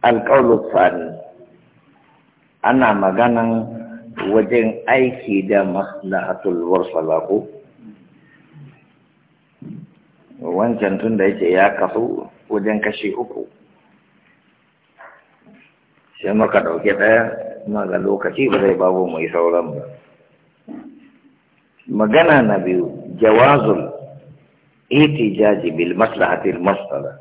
alƙawlu ana maganan wajen aiki da maslahatul warsala ko wancan tun da yake ya kasu wajen kashe uku sai maka ɗauke ɗaya ga lokaci ba zai babu mai sauran ba magana na biyu jawazul itijaji bil maslahatil masala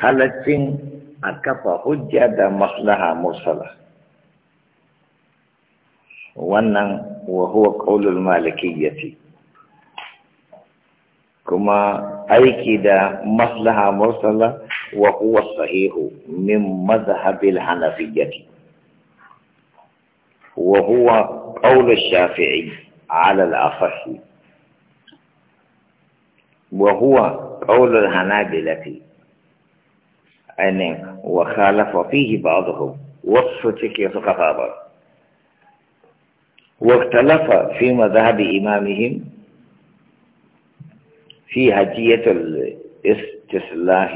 halaccin أكفى حجة مصلحة مرسلة wannan wa huwa qaulul malikiyyati kuma aiki da maslaha mursala wa huwa sahihu min madhhabil hanafiyyati wa huwa qaulul shafi'i ala al-afahi wa huwa qaulul hanabilati ainihin wa khalafa fihi ba'dhum wasu cike واختلف في مذهب إمامهم في هجية الاستصلاح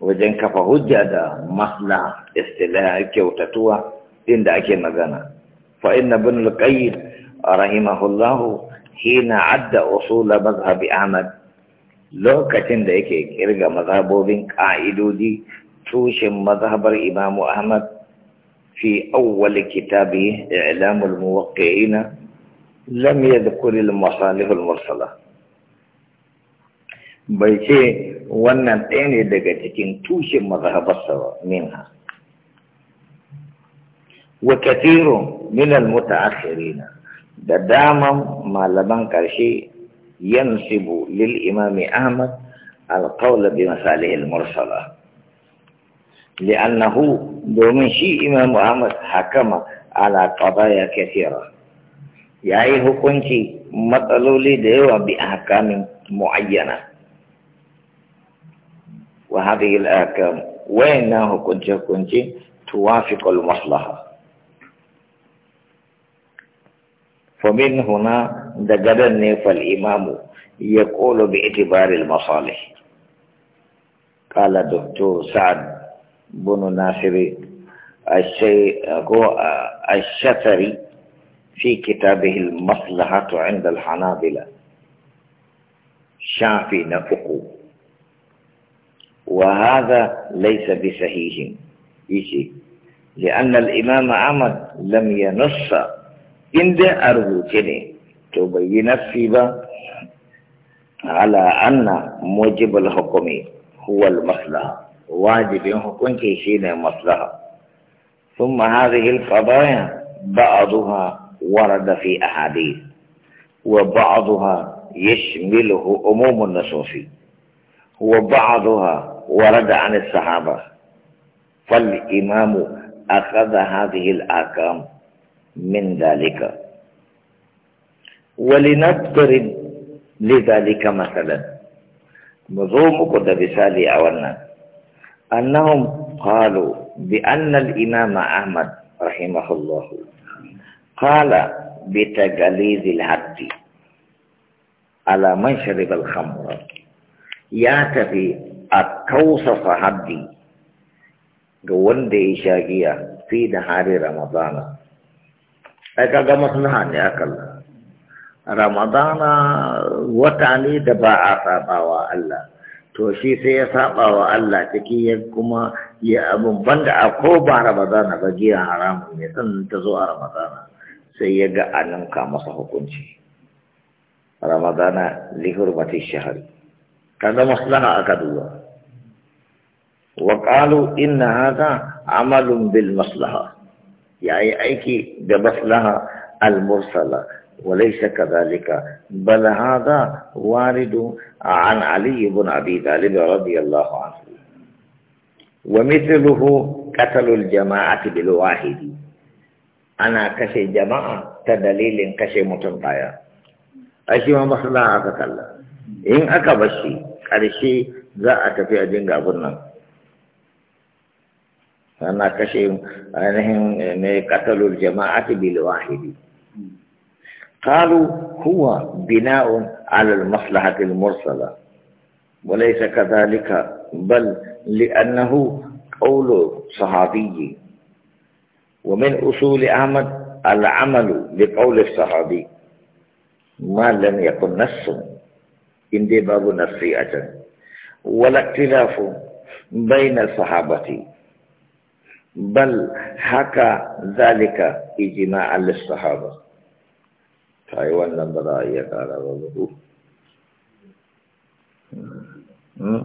وجن كفا هجة مصلحة استلاح كوتتوا إن دعك مغانا فإن بن القيم رحمه الله حين عد أصول مذهب أحمد lokacin da yake kirga mazhabobin ƙa'idodi tushen mazhabar imamu ahmad fi awwal kitabi i'lamul muwaqqi'in lam yadhkur al masalih al mursala bai ce wannan ɗaya ne daga cikin tushen mazhabarsa ba minha wa kathirun min al mutaakhirin da daman malaman ƙarshe ينسب للإمام أحمد القول بمثاله المرسلة لأنه دومشي إمام أحمد حكم على قضايا كثيرة يعني حكمتي مطلو لي ديوة بأحكام معينة وهذه الأحكام وينه كنتي كنتي توافق المصلحة فمن هنا دقدر نيف الإمام يقول imamu المصالح قال bi سعد بن ناصر الشتري في كتابه المصلحة عند الحنابلة شافي نفقه وهذا ليس بصحيح يجي لأن الإمام أحمد لم ينص عند أرجوتني تبين السيبة على أن موجب الحكم هو المصلحة واجب حكم شيء المصلحة ثم هذه القضايا بعضها ورد في أحاديث وبعضها يشمله عموم النصوص وبعضها ورد عن الصحابة فالإمام أخذ هذه الأحكام من ذلك ولنذكر لذلك مثلا مظوم قد بسالي أولنا أنهم قالوا بأن الإمام أحمد رحمه الله قال بتجليد الحد على من شرب الخمر يعتفي التوصف هدي قوان دي شاقية في نهار رمضان أكا قمص نهاني أكالله رمضان وتعني دبا عصابا والله توشي سيصابا والله تكي يكما يأبن بند عقوبة رمضان بجي حرام يتن تزوى رمضان سيقع أنم كما سحكونشي رمضان لحرمة الشهر كذا مصلحة أكدوا وقالوا إن هذا عمل بالمصلحة يعني أيكي بمصلحة المرسلة وليس كذلك بل هذا وارد عن علي بن أبي طالب رضي الله عنه ومثله قتل الجماعة بالواحد أنا كشي جماعة تدليل كشي متنطايا أشي ما عفك الله إن أكبشي قرشي ذا أتفي أجنغ أبنى أنا كشي أنهم قتلوا الجماعة بالواحد قالوا هو بناء على المصلحة المرسلة وليس كذلك بل لأنه قول صحابي ومن أصول أحمد العمل بقول الصحابي ما لم يكن نص عندي دي باب نصيئة ولا اختلاف بين الصحابة بل حكى ذلك إجماعا للصحابة kai wannan ba za a iya ƙara ba ba